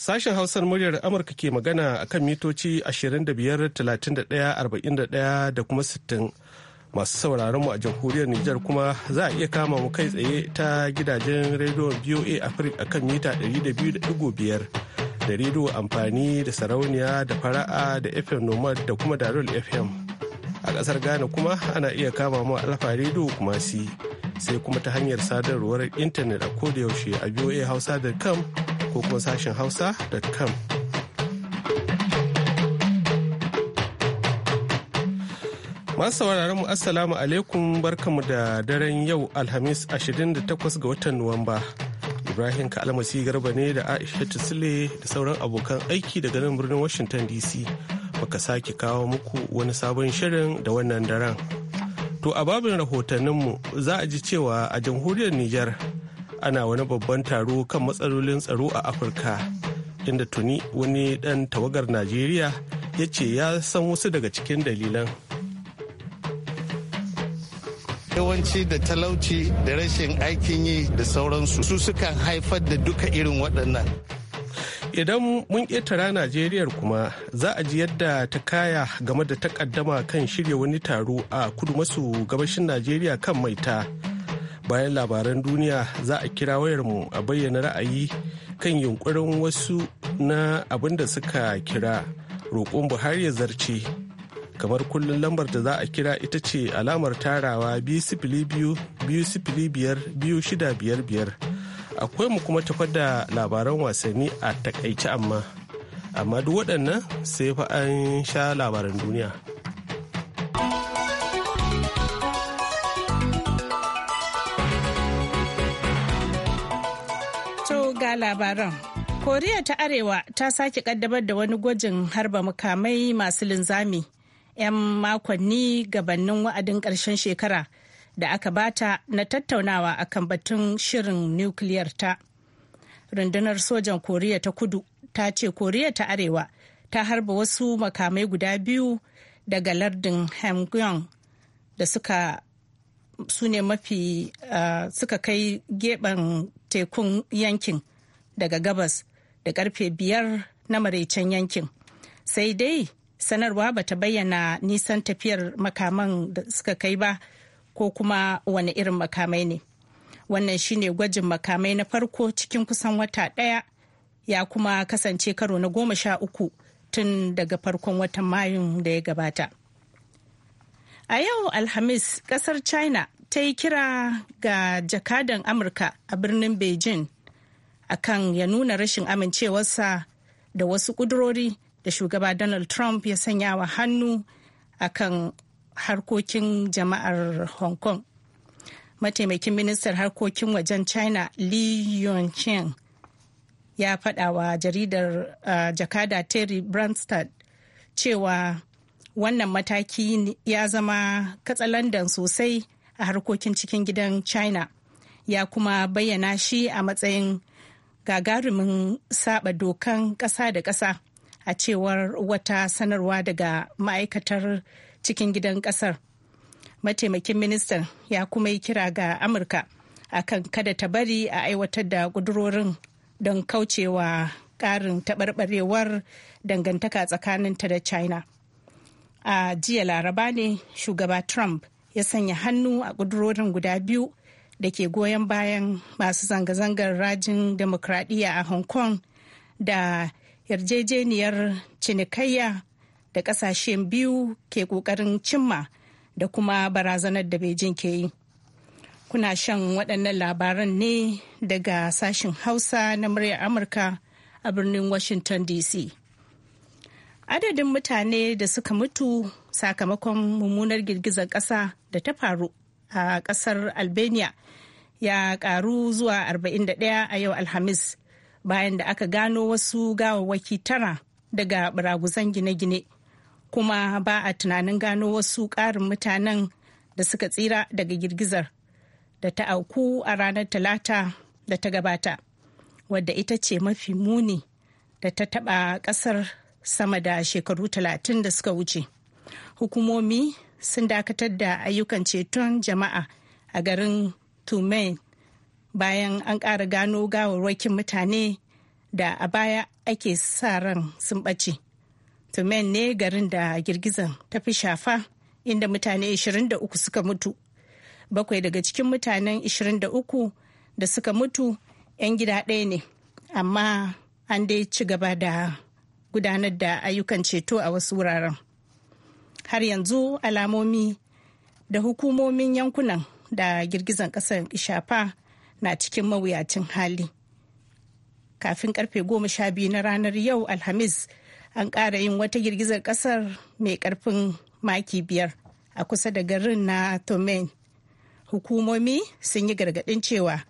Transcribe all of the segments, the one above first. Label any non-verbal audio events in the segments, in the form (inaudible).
Sashen Hausar muryar Amurka ke magana a kan mitoci 25,31,41 da kuma 60. Masu sauraron mu a jamhuriyar Nijar kuma za a iya kama mu kai tsaye ta gidajen rediyon BOA Africa a kan mita 200.5 da rediyo amfani da sarauniya da fara'a da FM Nomad da kuma Darul FM. A ƙasar Ghana kuma ana iya kama mu alfa rediyo kuma sai kuma ta hanyar sadarwar intanet a kodayaushe a Hausa.com ko kuma sashen hausa.com Masu sauraron mu Assalamu alaikum barkamu da daren yau Alhamis 28 ga watan Nuwamba. Ibrahim Kalmasi Garba ne da Aisha Sule da sauran abokan aiki daga nan birnin Washington DC. Baka sake kawo muku wani sabon shirin da wannan daren. To a babin rahotanninmu za a ji cewa a jamhuriyar Nijar ana wani babban taro kan matsalolin tsaro a afirka inda tuni wani dan tawagar najeriya ya ce ya san wasu daga cikin dalilan yawanci da talauci da rashin aikin yi da sauransu su sukan haifar da duka irin waɗannan idan mun ƙetara najeriya kuma za a ji yadda ta kaya game da takaddama kan shirya wani taro a kudu maso gabashin najeriya kan maita bayan labaran duniya za a kira wayarmu a bayyana ra'ayi kan yunkurin wasu na abin da suka kira roƙon buhari ya zarce kamar kullum lambar da za a kira ita ce alamar tarawa biyu sifili biyu biyu sifili biyar biyu shida biyar biyar akwai mu kuma tafar da labaran wasanni a takaice amma amma duk waɗannan sai fa an sha labaran duniya. ga labaran. Koriya ta Arewa ta sake kaddamar da wani gwajin harba mukamai masu linzami 'yan makonni gabannin wa'adin ƙarshen shekara da aka bata na tattaunawa a kan batun shirin nukiliyar ta. Rundunar sojan Koriya ta Kudu ta ce Koriya ta Arewa ta harba wasu makamai guda biyu daga lardin Hamgyong da suka su ne mafi uh, suka kai geɓen tekun yankin daga gabas da karfe biyar na maraicen yankin sai dai sanarwa ba ta bayyana nisan tafiyar makaman da suka kai ba ko kuma wani irin makamai ne wannan shine gwajin makamai na farko cikin kusan wata ɗaya ya kuma kasance karo na goma sha uku tun daga farkon watan mayun da ya gabata a yau alhamis kasar china ta yi kira ga jakadan amurka a birnin beijing akan ya nuna rashin amincewarsa da wasu ƙudurori da shugaba Donald Trump ya sanya wa hannu akan harkokin jama'ar Hong Kong. Mataimakin ministar harkokin wajen China Li Yuanqing ya faɗa wa jaridar uh, jakada Terry Branstad cewa wannan mataki ya zama katsalandan sosai a harkokin cikin gidan China ya kuma bayyana shi a matsayin gagarumin saba dokan ƙasa da ƙasa a cewar wata sanarwa daga ma'aikatar cikin gidan ƙasar mataimakin ministan ya kuma yi kira ga amurka akan kada ta bari a aiwatar da ƙudurorin don kaucewa ƙarin taɓarɓarewar dangantaka tsakaninta da china a jiya laraba ne shugaba trump ya sanya hannu a ƙudurorin guda biyu da ke goyon bayan masu zanga-zangar rajin demokradiyya a hong kong da yarjejeniyar cinikayya da kasashen biyu ke kokarin cimma da kuma barazanar da beijing ke yi kuna shan waɗannan labaran ne daga sashen hausa na muryar amurka a birnin washington dc adadin mutane da suka mutu sakamakon mummunar girgizar ƙasa da ta faru a ƙasar albania ya karu zuwa 41 a yau alhamis bayan da aka gano wasu gawawwaki tara daga baraguzan gine-gine kuma ba a tunanin gano wasu ƙarin mutanen da suka tsira daga girgizar da ta auku a ranar talata da ta gabata wadda ita ce mafi muni da ta taɓa ƙasar sama da shekaru talatin da suka wuce hukumomi sun dakatar da ayyukan ceton jama'a a garin tumen bayan an ƙara gano gawarwakin mutane da a baya ake sa ran sun ɓace. tumen ne garin da girgizan ta fi shafa inda mutane 23 suka mutu. Bakwai daga cikin mutanen 23 da suka mutu 'yan gida ɗaya ne, amma an dai ci gaba da gudanar da ayyukan ceto a wasu wuraren. Har yanzu alamomi da hukumomin yankunan da girgizan kasar ishafa na cikin mawuyacin hali kafin karfe goma sha biyu na ranar yau alhamis an ƙara yin wata girgizar kasar mai karfin maki biyar a kusa da garin na tomen hukumomi sun yi gargaɗin cewa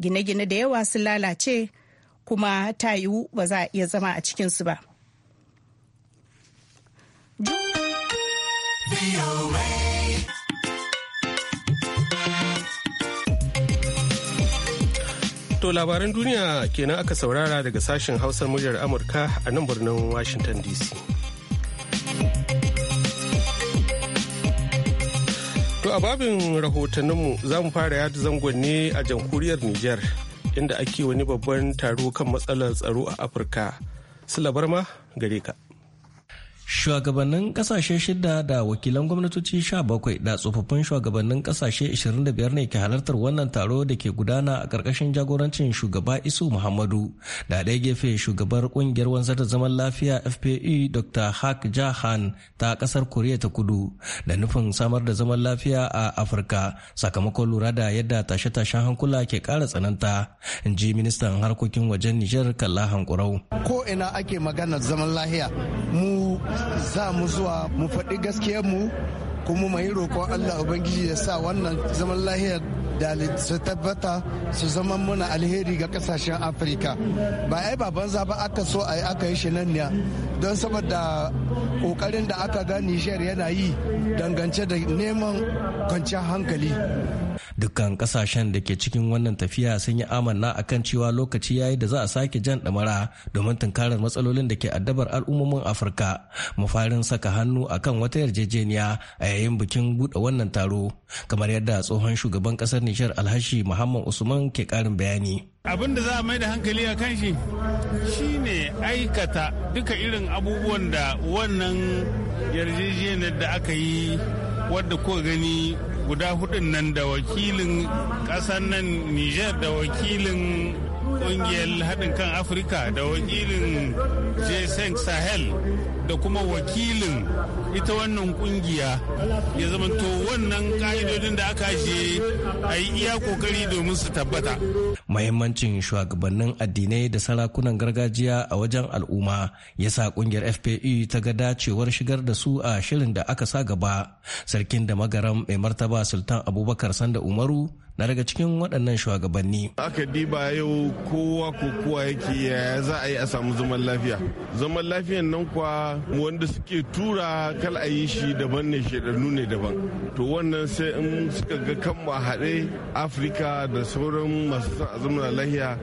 gine-gine da yawa sun lalace kuma ta yiwu ba za a iya zama a cikinsu ba. To labaran duniya kenan aka saurara daga sashen hausar muryar Amurka a nan birnin Washington DC. To a babin rahotanninmu za mu fara yada zangon ne a jamhuriyar niger inda ake wani babban taro kan matsalar tsaro a Afirka. Sila ma gare ka. Shugabannin kasashe shida da wakilan gwamnatoci sha bakwai da tsofaffin shugabannin kasashe 25 ne ke halartar wannan taro da ke gudana a ƙarƙashin jagorancin shugaba Isu Muhammadu da ɗaya gefe shugabar ƙungiyar wanzar da zaman lafiya FPE Dr. Hak Jahan ta ƙasar Koriya ta Kudu da nufin samar da zaman lafiya a Afirka sakamakon lura da yadda tashe-tashen hankula ke ƙara tsananta in ji ministan harkokin wajen Nijar Kalla Hankurau. Ko ina ake maganar zaman lafiya mu za mu zuwa mu faɗi gaskiyar mu kuma mu yi roƙon Allah Ubangiji ya sa wannan zaman lahiyar da su tabbata su zama muna alheri ga kasashen afirka ba ai ba banza ba aka so a aka yi shi nan ne don saboda kokarin da aka ga nijar yana yi dangance da neman kwanciyar hankali dukkan kasashen da ke cikin wannan tafiya sun yi amanna kan cewa lokaci ya yi da za a sake jan ɗamara domin tunkarar matsalolin da ke addabar al'ummomin afirka mafarin saka hannu akan wata yarjejeniya a yayin bikin buɗe wannan taro kamar yadda tsohon shugaban ƙasar Nijar Alhashi Muhammad Usman ke karin bayani. Abin da za a mai da hankali a kan shi shine aikata duka irin abubuwan da wannan yarjejeniyar da aka yi wadda ko gani guda hudun nan da wakilin ƙasar nan niger da wakilin kungiyar haɗin kan afirka da wakilin jason sahel da kuma wakilin ita wannan kungiya ya zamanto wannan ka'idodin da aka je a yi iya kokari domin su tabbata mahimmancin shugabannin addinai da sarakunan gargajiya a wajen al'umma ya sa kungiyar fpe ta ga dacewar shigar da su a shirin da aka sa gaba sarkin da magaram mai martaba sultan abubakar sanda umaru na daga cikin waɗannan shugabanni. Aka diba yau kowa ko kowa yake yaya za a yi a samu zaman lafiya. Zaman lafiyan nan kwa wanda suke tura kal a yi shi daban ne shaidannu ne daban. To wannan sai in suka ga kan a haɗe Afirka da sauran masu son a zaman lafiya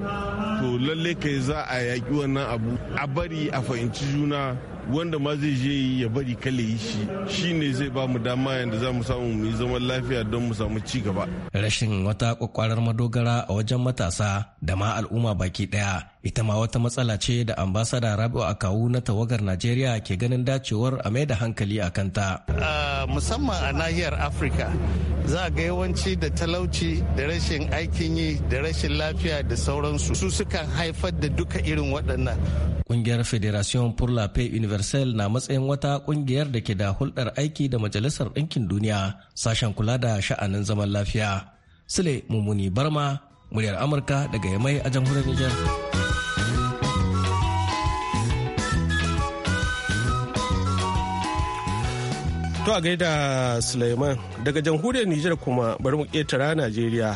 to lalle kai za a yaƙi wannan abu a bari a fahimci juna wanda ma zai je ya bari kale yi shi shi ne zai ba mu dama yadda za mu samu mu yi zaman lafiya don mu samu ci gaba rashin wata kwakwarar madogara a wajen matasa da ma al'umma baki daya ita ma wata matsala ce da ambasada a kawu na tawagar najeriya ke ganin dacewar a mai da hankali a kanta musamman a nahiyar afirka za a ga yawanci da talauci da rashin aikin yi da rashin lafiya da sauransu su sukan haifar da duka irin waɗannan ƙungiyar Federation pour la Paix Universelle na matsayin wata ƙungiyar da ke da hulɗar aiki da Majalisar Ɗinkin Duniya sashen kula da sha'anin zaman lafiya. Sule Mumuni Barma, muryar amurka daga yamai a jamhuriyar nijar To a gaida Sulaiman daga jamhuriyar Nijar kuma bari mu ƙetara Najeriya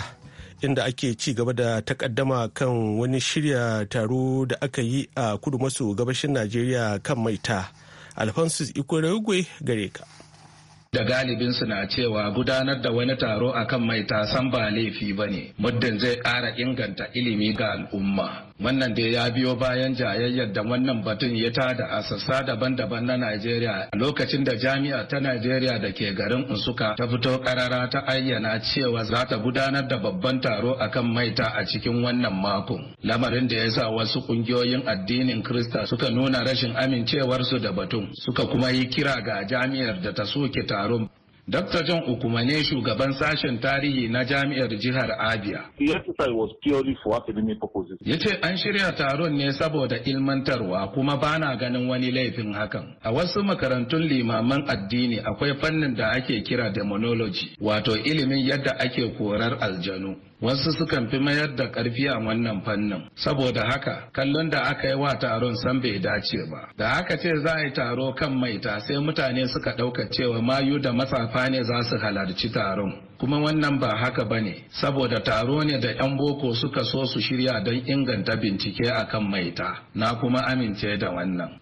inda ake ci gaba da takaddama kan wani shirya taro da aka yi a kudu maso gabashin Najeriya kan maita. Alfonsus Ikorogwe gare ka. da galibinsu na cewa gudanar da wani taro akan mai tasan ba laifi ba ne muddin zai ƙara inganta ilimi ga al'umma wannan da ya biyo bayan jayayyar da wannan batun ya tada a sassa daban-daban na najeriya A lokacin da jami'a ta najeriya da ke garin unsuka ta fito karara ta ayyana cewa za ta gudanar da babban taro akan maita a cikin wannan mako. lamarin da ya sa wasu kungiyoyin addinin krista suka nuna rashin amincewarsu da batun suka kuma yi kira ga jami'ar da ta soke taron Dr. John Ukumane shugaban sashen tarihi na jami'ar jihar Abia. Ya ce an shirya taron ne saboda ilmantarwa kuma bana ganin wani laifin hakan. A wasu makarantun limaman addini akwai fannin da ake kira demonology wato ilimin yadda ake korar aljanu. wasu sukan fi mayar da ƙarfi a wannan fannin saboda haka kallon da aka yi wa taron san bai dace ba da haka ce za a yi taro kan maita sai mutane suka ɗauka cewa mayu da matsafa ne za su halarci taron kuma wannan ba haka ba ne saboda taro ne da 'yan boko suka so su shirya don inganta bincike a kan maita na kuma amince da wannan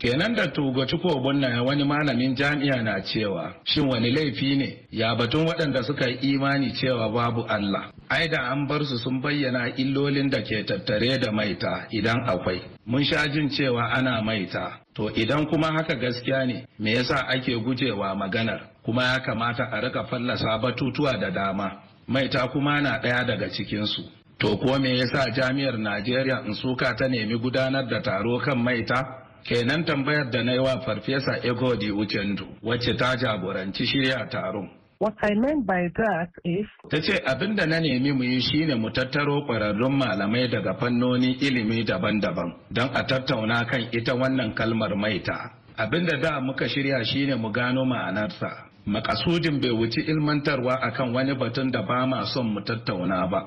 kenan da tugo cikobin na wani malamin jami'a na cewa shin wani laifi ne ya batun waɗanda suka yi imani cewa babu Allah ai da an bar su sun bayyana illolin da ke tattare da maita idan akwai mun sha jin cewa ana maita to idan kuma haka gaskiya ne me yasa ake gujewa maganar kuma ya kamata a rika fallasa batutuwa da dama maita kuma na ɗaya daga cikinsu to ko me yasa jami'ar najeriya in suka ta nemi gudanar da taro kan maita kenan tambayar da na yi wa farfesa egodi uchendu wacce ta jagoranci shirya taron What I meant by that is... Ta ce abin da na nemi mu yi shine mu tattaro ƙwararrun malamai daga fannoni ilimi daban-daban don a tattauna kan ita wannan kalmar maita. Abin da da muka shirya shine mu gano ma'anarsa. Makasudin bai wuci ilmantarwa akan wani batun da ba ma son mu tattauna ba.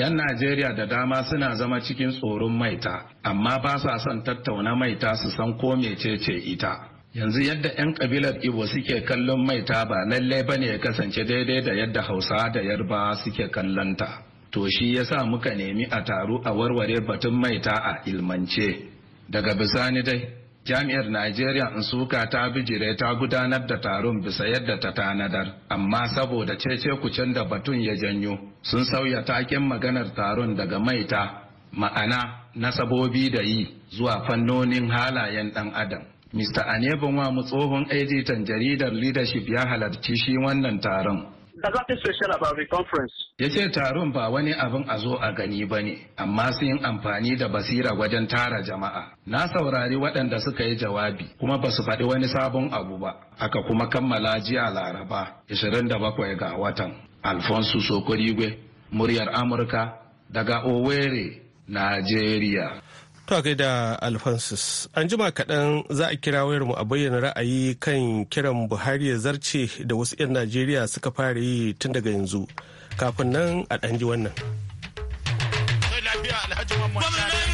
'Yan Najeriya da dama suna zama cikin tsoron maita, amma ba sa son tattauna maita su san ko mecece ita. yanzu yadda 'yan kabilar ibo suke kallon maita ba lallai ba ne ya kasance daidai da yadda hausa da yarba suke kallon to shi ya sa muka nemi a taru a warware batun maita a ilmance daga bisani dai jami'ar najeriya suka ta bijire ta gudanar da taron bisa yadda ta tanadar amma saboda cece kucin da batun ya janyo sun sauya taken maganar taron daga maita ma'ana nasabobi da yi zuwa fannonin halayen dan adam Mr. wa mu tsohon editan jaridar leadership ya halarci shi wannan taron. Ya ce taron ba wani abin a zo a gani ba ne, amma su yi amfani da basira wajen tara jama'a. Na saurari waɗanda suka yi jawabi kuma ba su faɗi wani sabon abu ba, aka kuma kammala jiya Laraba 27 ga watan. Alfonso Sokorigwe, muryar Amurka daga Owerri, Najeriya. To kai da Alphonsus, an jima kaɗan za a kira wayarmu a bayyana ra'ayi kan kiran Buhari ya zarce da wasu 'yan Najeriya suka fara yi tun daga yanzu. Kafin nan a ɗan ji wannan. Gwamnati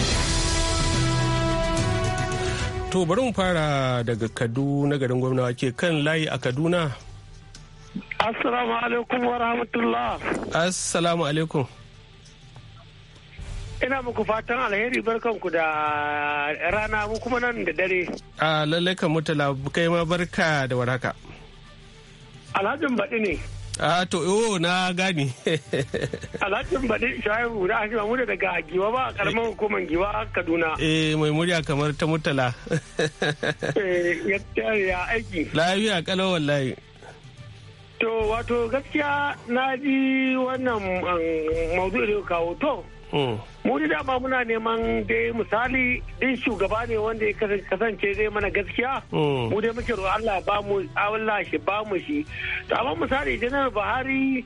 To bari mu fara daga Kaduna garin gwamna ke kan layi a Kaduna. Assalamu alaikum wa rahmatullah. Assalamu alaikum. Ina muku fatan alheri barkanku da rana mu kuma nan da dare. A lallai kan mutala kai ma barka da warhaka. Alhajin baɗi ne. A to yo oh, na gane. (laughs) Alhakin baɗi shahiru na ashima mu daga giwa ba karamar hukumar giwa Kaduna. Eh mai murya kamar ta mutala. (laughs) Eh ya aiki. Lafiya kalau wallahi. To wato gaskiya na ji wannan um, maudu'i da kawo to. mu da dama muna neman dai misali din shugaba ne wanda ya kasance zai mana gaskiya mu dai muke roƙon Allah ba mu Allah shi ba mu shi to amma misali janar Buhari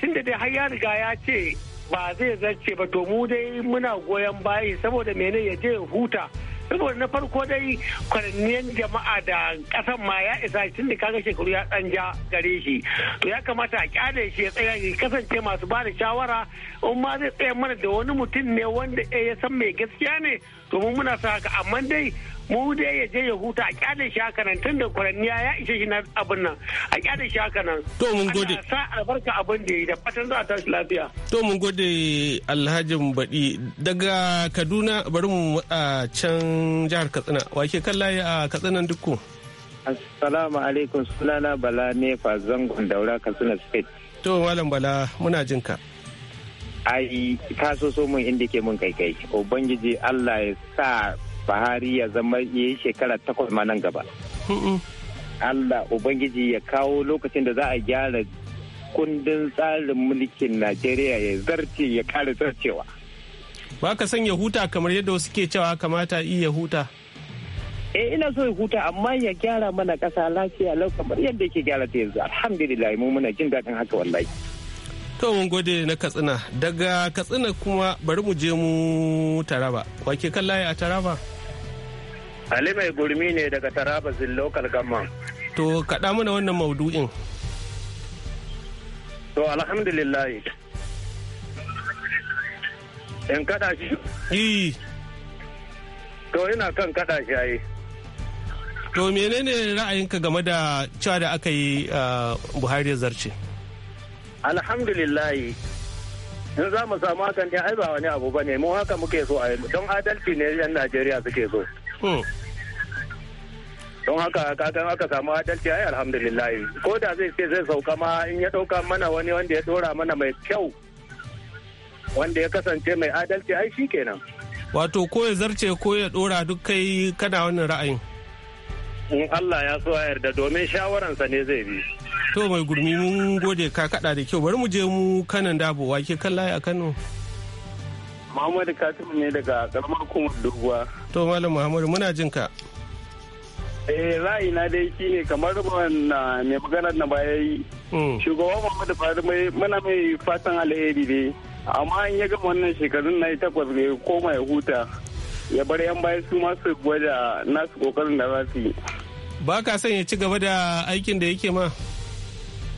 tunda dai har ya riga ya ce ba zai zace ba to mu dai muna goyon bayi saboda mene ya je huta saboda na farko dai kwaranniyar jama'a da kasan ma ya isa tun da kaga shekaru ya dan ja gare shi to ya kamata a kyale shi ya tsaya ya kasance masu ba da shawara in ma zai tsaya mana da wani mutum ne wanda eh, ya san mai gaskiya ne domin muna sa haka amma dai mu dai ya je ya huta a kyada shi haka nan da kwaranniya ya ishe shi na abin nan a kyada shi haka nan to mun gode sa albarka abin da ya yi da fatan za a tashi lafiya to mun gode alhajin baɗi daga kaduna bari mu matsa can jihar katsina wake kan layi a katsinan dukku assalamu alaikum sunana bala nefa zangon daura katsina state to malam bala muna jinka ai ka so so mun inda ke mun kai kai ubangiji allah ya sa fahari ya zama ya yi shekara takwas ma nan gaba. Allah Ubangiji ya kawo lokacin da za a gyara kundin tsarin mulkin Najeriya ya zarce ya kare zarcewa. Ba ka son ya huta kamar yadda wasu ke cewa kamata iya huta. eh ina so ya huta amma ya gyara mana kasa lafiya lau kamar yadda yake gyara ta yanzu alhamdulillah mu muna jin daɗin haka wallahi. To mun gode na Katsina daga Katsina kuma bari mu je mu Taraba wake kan layi a Taraba. Ali mai gurmi ne daga Taraba lokal Kalgamman. To kaɗa mana wannan maudu'in. To alhamdulillah. In kaɗa shi? Yi. To ina kan kaɗa shi ayi. To menene ra'ayinka game da cewa da aka yi Buhari zarce? Alhamdulillah. in za mu samu hakan ne ai ba wani abu ba ne mu haka muke so a don adalci ne yan najeriya suke so hmm. don haka kakan aka samu adalci ai alhamdulillah ko da zai ce zai sauka ma in ya ɗauka mana wani wanda ya ɗora mana mai kyau wanda ya kasance mai adalci ai shi kenan wato ko ya zarce ko ya ɗora duk kai kana wannan ra'ayin in Allah ya so a yarda domin shawaransa ne zai bi to mai gurmi mun gode ka kada da kyau bari mu je mu kanan dabo wake kan layi a Kano Muhammadu Katibu ne daga karamar kuma doguwa to malam Muhammadu muna jin ka eh ra'ayi na dai shi ne kamar wannan ah, mai maganar na baya yi hmm. shugaban muhammadu buhari mai muna mai fatan alheri ne amma in ya gama wannan shekarun na takwas ga koma ya huta ya bar yan baya su ma su gwada nasu kokarin da za su yi ba ka son ya ci gaba da aikin da yake ma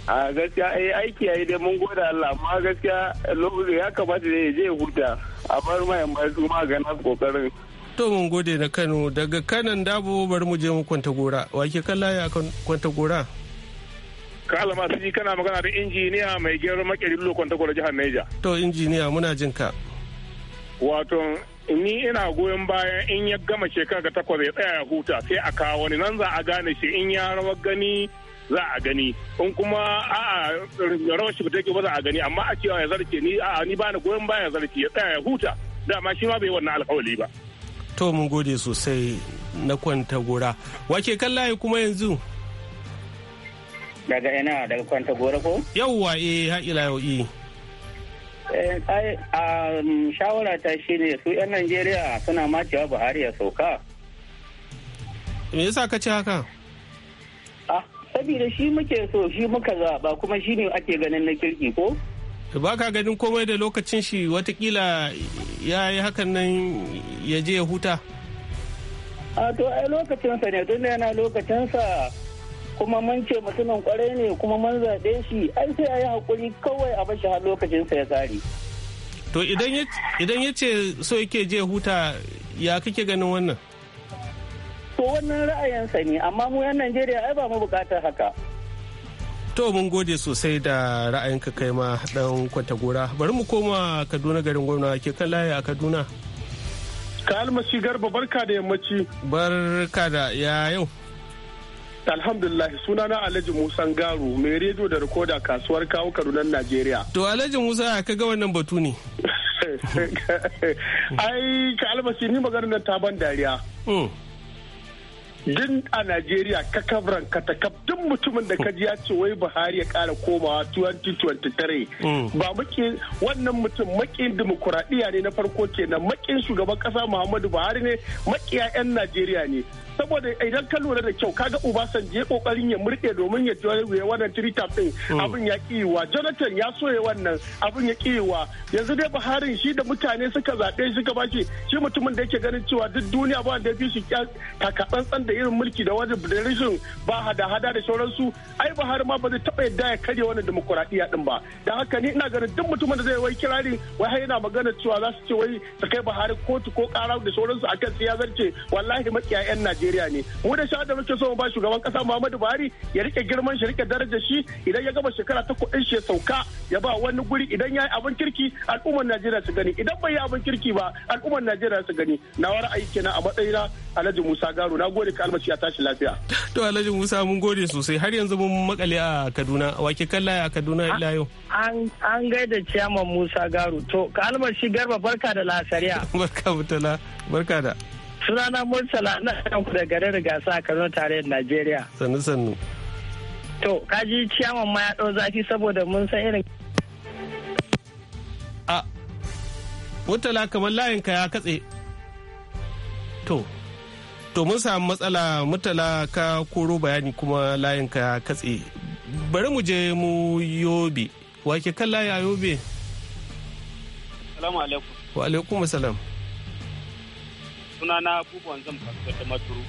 a gaskiya eh aiki yayi dai mun gode Allah amma gaskiya lokaci ya kamata ne ya je ya huta a bar ma yan baya su ma ga nasu kokarin To mun gode na Kano daga kanan dabo bari mu je mu kwanta gora. Wake kalla ya kwanta gora? Ka alama su ji kana magana da injiniya mai gero makeri lo kwanta gora jihar Neja. To injiniya muna jin ka. Wato ni ina goyon bayan in ya gama shekara ga takwas ya tsaya ya huta sai a kawo wani nan za a gane shi in ya rawa gani za a gani in kuma a'a rawar shi take ba za a gani amma a cewa ya zarce ni a ni ba na goyon ya zarce ya tsaya ya huta dama shi ma bai wannan alkawali ba. to mun gode sosai na kwanta gora wake kallaye kuma yanzu daga ina daga kwanta gora ko yawwa eh ila yau eh, eh um, shawara ta shi ne su 'yan najeriya suna macewa buhari ya sauka me yasa ka ce haka ah saboda shi muke so shi muka zaɓa kuma shi ne ake ganin na kirki ko ba ka ganin komai da lokacin shi watakila ya yi hakan nan ya je ya huta a to ai lokacinsa ne tun yana lokacinsa kuma mun ce mutumin kwarai ne kuma mun zaɓe shi ai sai ayi yi haƙuri kawai a bashi har lokacinsa ya tsari to idan ya ce so yake je huta ya kake ganin wannan to wannan ra'ayinsa ne amma mu yan najeriya ai ba mu bukatar haka To mun gode sosai da ra'ayinka kai ma dan kwanta gora. Bari mu koma Kaduna garin gwamna ke kan layi a Kaduna. Ka almaci garba barka da yammaci. Barka da ya yau. Alhamdulillah sunana Alhaji Musa Garu mai rediyo da rikoda kasuwar kawo Kaduna Najeriya. To Alhaji Musa ka ga wannan batu ne. (laughs) Ai ka almaci ni maganar ta ban dariya. Hmm. din a Najeriya ka ka kabran ta kab duk mutumin da ka ji ya ce wai Buhari ya kara komawa 2023 hmm. ba muke wannan mutum makin dimokuraɗiyya ne na farko kenan makin shugaban kasa Muhammadu Buhari ne makiya Najeriya ne saboda idan ka lura da kyau kaga Obasanjo ya kokarin ya murke domin ya ya wannan tirita din mm. abin ya kiwa Jonathan ya so ya wannan abin ya kiwa yanzu dai Buhari shi da mutane suka zabe shi gaba shi shi mutumin da yake ganin cewa duk duniya ba wanda ya fi shi takatsantsan da irin mulki da wani da rishin ba hada-hada da sauransu ai Buhari ma ba zai taba yadda ya karya wannan demokuraɗiyya din ba da haka ni ina ganin duk mutumin da zai wai kirari wai har yana magana cewa za su ce wai su kai Buhari kotu ko karar da sauransu akan siyasar ce wallahi makiyayen Najeriya Najeriya ne mu da shawar muke so mu ba shugaban kasa Muhammadu Buhari ya rike girman shi rike darajar shi idan ya gama shekara ta kuɗin shi ya sauka ya ba wani guri idan ya yi abin kirki al'ummar Najeriya su gani idan bai yi abin kirki ba al'ummar Najeriya su gani na wara aiki kenan a na Alhaji Musa Garo na gode ka almasi ya tashi lafiya (laughs) to Alhaji Musa mun gode sosai har yanzu mun makale a Kaduna wake kalla a Kaduna ila yau an an gaida ciyaman Musa Garo to ka almasi garba barka da lasariya (laughs) barka mutala barka da sunana murtala na ku da garin gasa a kano tarayyar najeriya sannu sannu to kaji ciyaman ma ya ɗau zafi saboda mun san irin a murtala kamar layinka ya katse to to mun samu matsala murtala ka koro bayani kuma layinka ya katse bari mu je mu yobe wake kan layi a yobe salamu alaikum wa alaikum salam sunana abubuwan zan fasuwa da maturu.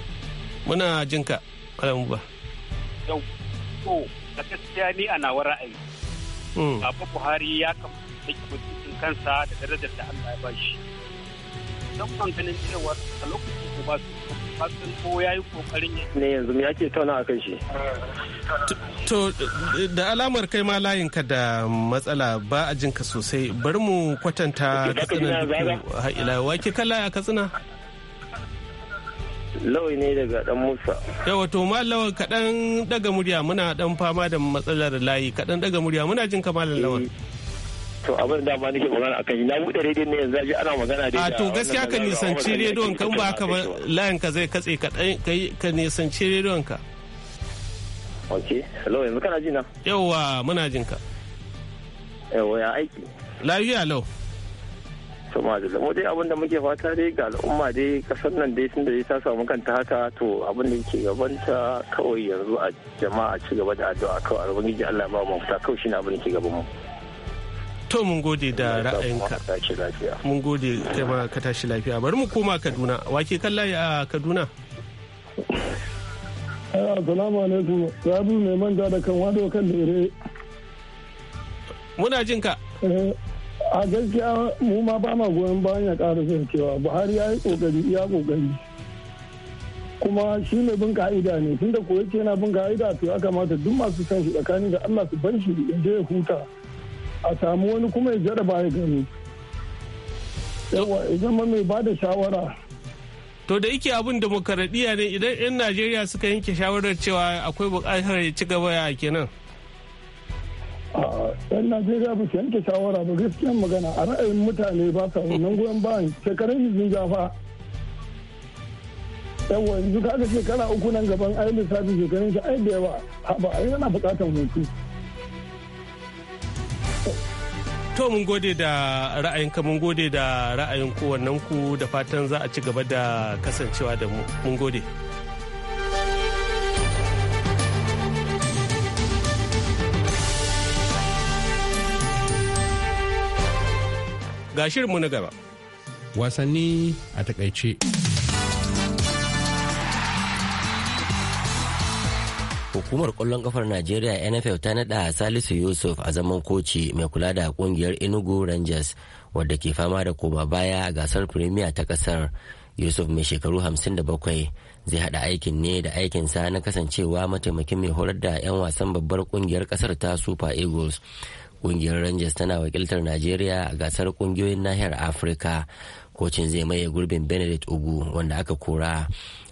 Muna jinka, Malam Buba. Yau, ko a gaskiya ni a nawa ra'ayi. Hmm. Baba Buhari ya kamata ke mutuncin kansa da darajar da Allah ya ba shi. Don ban ganin cewa a lokacin ko ba su fasin ko ya yi kokarin yi. ne yanzu me ake tauna a kan shi. To da alamar kai ma layinka da matsala ba a jinka sosai bari mu kwatanta katsina har ila wake kala a katsina. lawai ne daga dan musa yawa to ma lawan kaɗan daga murya muna dan fama da matsalar layi kaɗan daga murya muna jin kamalan lawan eh, to abin da ma nake magana akan shi na buɗe rediyon ne yanzu ji ana magana da a to gaskiya ka nisanci rediyon kan ba ka ba layin ka zai katse kaɗan ka nisanci rediyon ka ok hello yanzu kana ji na yawa muna jin ka yawa ya aiki lafiya lau sama da mu dai abinda da muke fata dai ga al'umma dai kasar nan dai sun da ta samu kanta haka to abin da yake gabanta kawai yanzu a jama'a ci gaba da addu'a kawai ubangiji Allah ba mu fita kawai shine abin da ke gaban mu to mun gode da ra'ayinka mun gode kai ma ka tashi lafiya bari mu koma Kaduna wake kallaye a Kaduna ah, Assalamu alaikum Rabi mai manja da kan wado kan dare Muna jinka. Eh, a gaskiya mu ma ba ma goyon bayan ya ƙara cewa buhari ya yi ƙoƙari iya ƙoƙari kuma shi mai bin ka'ida ne tunda ko yake yana bin ka'ida to ya kamata duk masu san shi tsakani da allah su ban shi ya je ya huta a samu wani kuma ya jaraba ya gani yawa idan ma mai ba da shawara to da yake abin demokaradiyya ne idan 'yan najeriya suka yanke shawarar cewa akwai bukatar ya ci gaba ya kenan yan najeriya ba su yanke shawara ba gaskiyan magana a ra'ayin mutane ba sa wannan goyon bayan shekarun izin jafa yawa yanzu kaga shekara uku nan gaban ayi lissafi shekarun shi ai da yawa ba ai yana buƙatar hutu To mun gode da ra'ayinka mun gode da ra'ayin kowannen ku da fatan za a ci gaba da kasancewa da mu. Mun gode. Ga shirinmu na gaba. Wasanni a takaice. hukumar kwallon kafar najeriya nfl ta nada salisu yusuf a zaman koci mai kula da kungiyar inugu rangers wadda ke fama da koma baya a gasar premier ta kasar yusuf mai shekaru 57 zai hada aikin ne da aikinsa na kasancewa mataimakin mai horar da 'yan wasan babbar kungiyar kasar ta super eagles Ƙungiyar Rangers tana wakiltar Najeriya a gasar ƙungiyoyin nahiyar Afirka. Kocin zai maye gurbin Benedict Ugu wanda aka kora.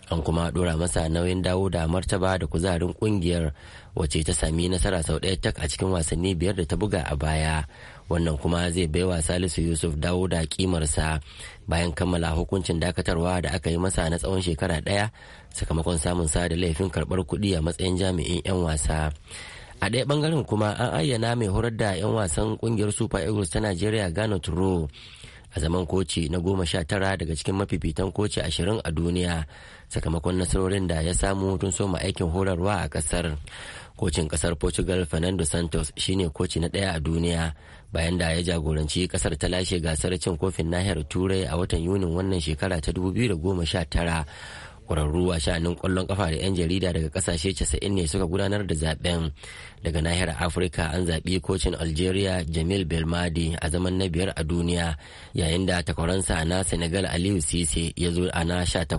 An kuma dora masa nauyin dawo da martaba da kuzarin ƙungiyar wacce ta sami nasara sau ɗaya tak a cikin wasanni biyar da ta buga a baya. Wannan kuma zai baiwa Salisu Yusuf dawo da kimarsa bayan kammala hukuncin dakatarwa da aka yi masa na tsawon shekara ɗaya sakamakon samun sa da laifin karɓar kuɗi a matsayin jami'in 'yan wasa. a ɗaya bangaren kuma an ayyana mai horar da 'yan wasan kungiyar super eagles ta nigeria gano turo a zaman koci na goma sha tara daga cikin mafifitan koci ashirin a duniya sakamakon nasarorin da ya samu tun soma aikin horarwa a kasar kocin kasar portugal fernando santos shine koci na ɗaya a duniya bayan da ya jagoranci kasar ta lashe gasar cin kofin nahiyar turai a watan yunin wannan shekara ta 2019 kwararru a sha'anin kwallon kafa da 'yan jarida daga kasashe 90 ne suka gudanar da zaben daga nahiyar afirka an zaɓi kocin algeria jamil belmadi a zaman na biyar a duniya yayin da takwaransa na senegal aliyu sise ya zo a na 18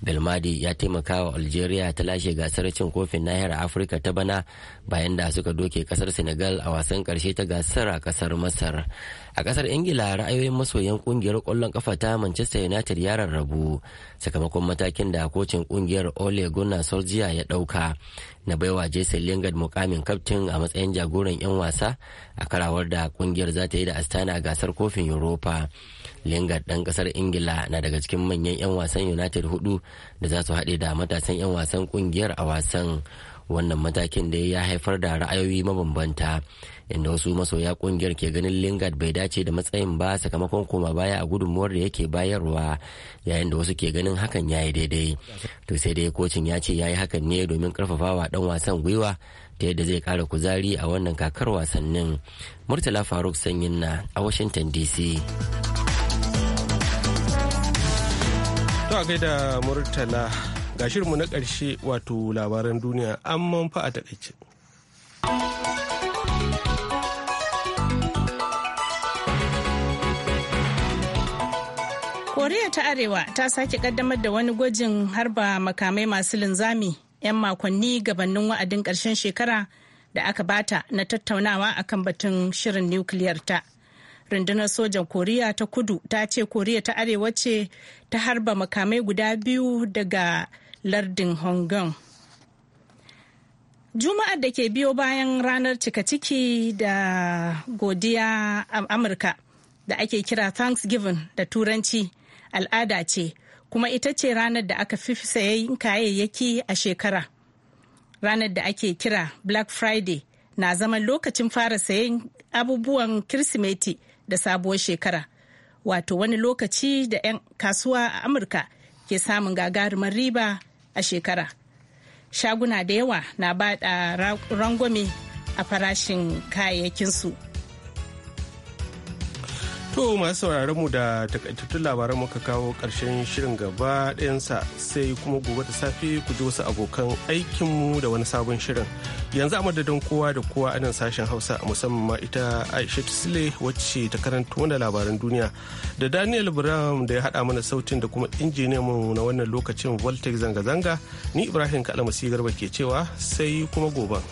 belmadi ya taimaka wa algeria ta lashe gasar cin kofin nahiyar afirka ta bana bayan da suka doke kasar senegal a wasan karshe ta gasar a kasar masar a kasar ingila ra'ayoyin masoyan kungiyar kwallon kafa ta manchester united ya rarrabu sakamakon matakin da kocin kungiyar ole gunnar soljiya ya dauka na baiwa jason lingard mukamin kaftin a matsayin jagoran 'yan wasa a karawar da kungiyar za ta yi da astana gasar kofin europa lingard dan kasar ingila na daga cikin manyan 'yan wasan united hudu da za su haɗe da matasan 'yan wasan kungiyar a wasan wannan matakin da ya haifar da ra'ayoyi mabambanta inda wasu masoya kungiyar ke ganin lingard bai dace da matsayin ba sakamakon koma baya a gudunmuwar da yake bayarwa yayin da wasu ke ganin hakan ya yi daidai to sai dai kocin ya ce ya yi hakan ne domin karfafawa dan wasan gwiwa ta yadda zai kara kuzari a wannan kakar wasannin murtala faruk sanyin na a washington dc to gaida murtala ga shirinmu na ƙarshe wato labaran duniya an manfa a takaice. koriya ta arewa ta sake kaddamar da wani gwajin harba makamai masu linzami 'yan makonni gabanin wa'adin ƙarshen shekara da aka bata na tattaunawa akan batun shirin nukiliyar ta rundunar sojan koriya ta kudu ta ce koriya ta arewa ce ta harba makamai guda biyu daga lardin hong kong Juma'ar da ke biyo bayan ranar cika ciki da godiya a Amurka da ake kira Thanksgiving da Turanci al'ada ce kuma ita ce ranar da aka fi sayayin kayayyaki a shekara. Ranar da ake kira Black Friday na zama lokacin fara sayan abubuwan Kirsimeti da sabuwar shekara. Wato wani lokaci da 'yan kasuwa a Amurka ke samun gagarumar riba a shekara shaguna da yawa na bada rangwame a farashin kayayyakinsu To masu sauraron mu da takaitattun labaran muka kawo ƙarshen shirin gaba ɗayansa sai kuma gobe da safe ku ji wasu abokan mu da wani sabon shirin. Yanzu a madadin kowa da kowa a nan sashen Hausa musamman ma ita Aisha Sile wacce ta karanta wanda labaran duniya da Daniel Brown da ya haɗa mana sautin da kuma injiniyan mu na wannan lokacin Voltec zanga-zanga ni Ibrahim Kalamasi Garba ke cewa sai kuma gobe.